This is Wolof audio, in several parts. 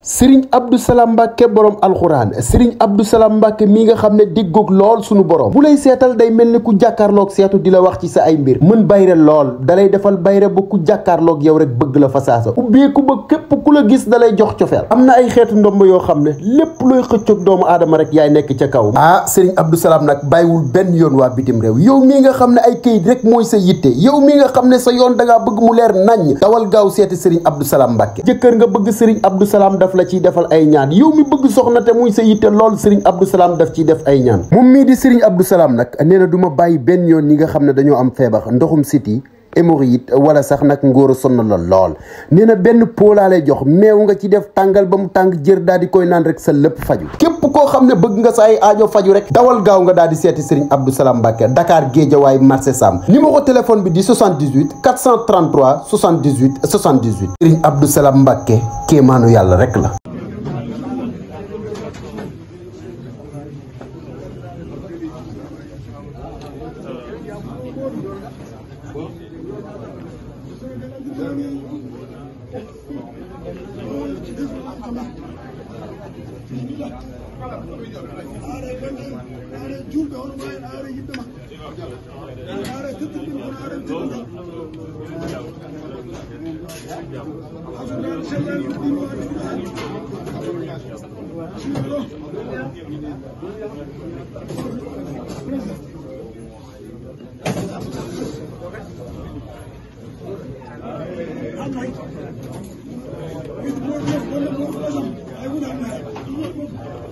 sëriñ Abdou Salam Mbacke borom alxuraan sëriñ Abdou Salam Mbacke mi nga xam ne diggoog lool sunu borom bu lay seetal day mel ni ku jàkkaarloog seetu di la wax ci sa ay mbir mën bayre lool dalay defal bayre ba ku jàkkaarloog yow rek bëgg la fa fasaasa ubbeeku ba képp ku la gis dalay jox cofeel am na ay xeetu ndomb yoo xam ne lépp looy xëccoog doomu aadama rek yaay nekk ca kaw ah sëriñ Abdou Salam nag bàyyiwul benn yoon waa bitim réew yow mii nga xam ne ay këyit rek mooy sa yitte yow mi nga xam ne sa yoon da ngaa bëgg mu leer naññ dawal gaaw seeti sëriñ Abdou Salam Mbacke jëkkër nga bëgg sëriñ Abdou Salam daf la ciy defal ay ñaan yow mi bëgg soxna te muy sa yitte lool sëriñ Abdou Salaam daf ciy def ay ñaan moom mii di sëriñ Abdou Salaam nag nee na du ma bàyyi benn yoon ñi nga xam ne dañoo am feebar ndoxum siti it wala sax nag ngóor a sonn la lool nee na benn pot laa jox meew nga ci def tàngal ba mu tàng jër daal di koy naan rek sa lépp faju képp koo xam ne bëgg nga sa ay aajo faju rek dawal gaaw nga daal di seeti sëriñ Abdou Salam Mbacke Dakar Guédiawaye marché Sam ko téléphone bi di 78 433 78 78 sëriñ Abdou Salam Mbacke kéemaanu yàlla rek la الملة أنا جوبة أونلاين أنا جدا أنا تدري من أنا تدري Good morning.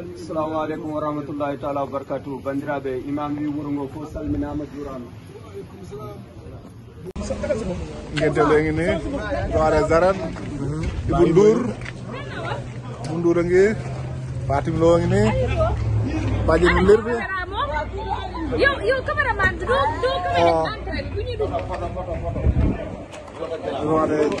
assalamu aleykum wa taala wabarakatuh bandiraɓe imam wi wuuro ngo fof salminama jurama gueddel engi ni ɗoare zaran mundur, mundur ibou ndour engi ini, pagi engi ni bajini lirɓe yow yow cameraman do do camera entrée bu ñu dugg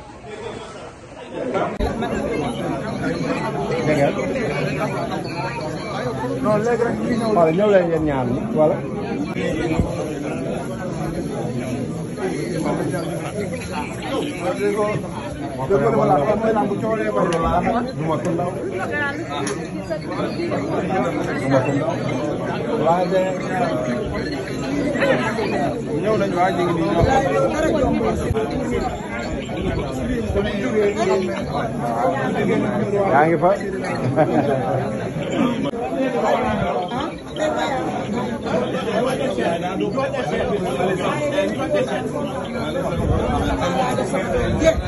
Rolle Granchino. Padigliolo e Iagnani, guarda. Devo Thank you yëpp.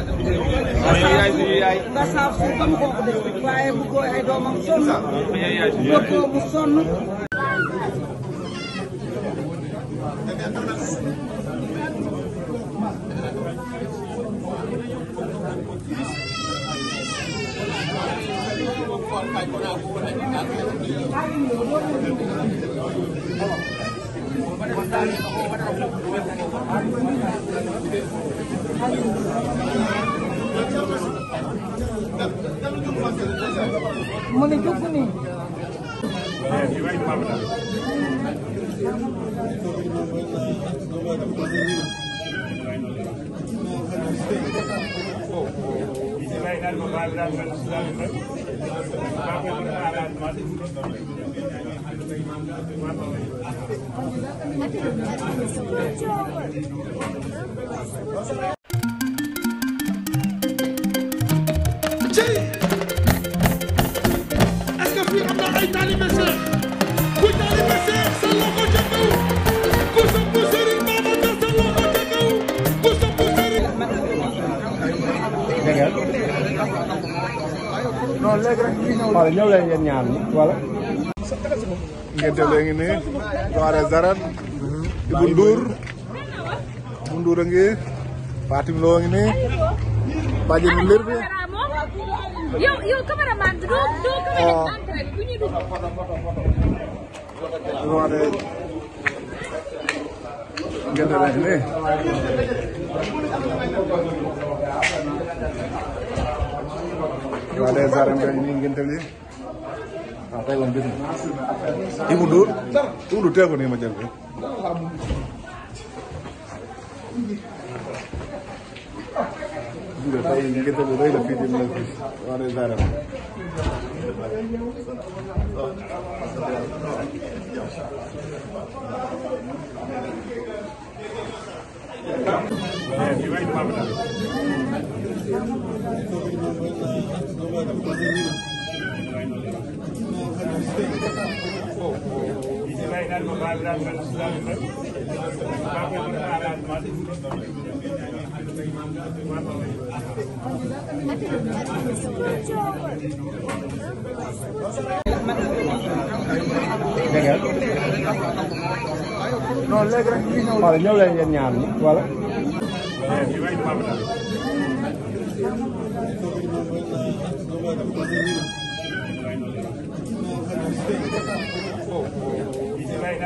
nga saaf suuf ba mu ko def waaye bu ko ay doomam sonn. bokkoo mu sonn. Thank you. মনে টুকু নেই Thank you. non léegi rek ñu ñëw. waaw ñëw leen yéen ñaar ñi wala. ngedel yang ini Doare Zaran mundur Ndur Ibu Ndur yang Fatim Lo yang ini Baji Mundir Yo yo kameraman duduk duduk kameraman oh. bunyi duduk Lu ada ngedel ini Doare Zaran yang ini ngedel apa lanjut? Ini mundur. Itu mundur dia aku nih macam Udah tahu ini kita mulai lebih tim lagi. Ada darah. non léegi rek ñu ñëw. wala ñëw leen yéen ñaar ñi wala.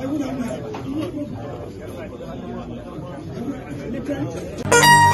哎，不能买，不能买，不能买，不能买，那真。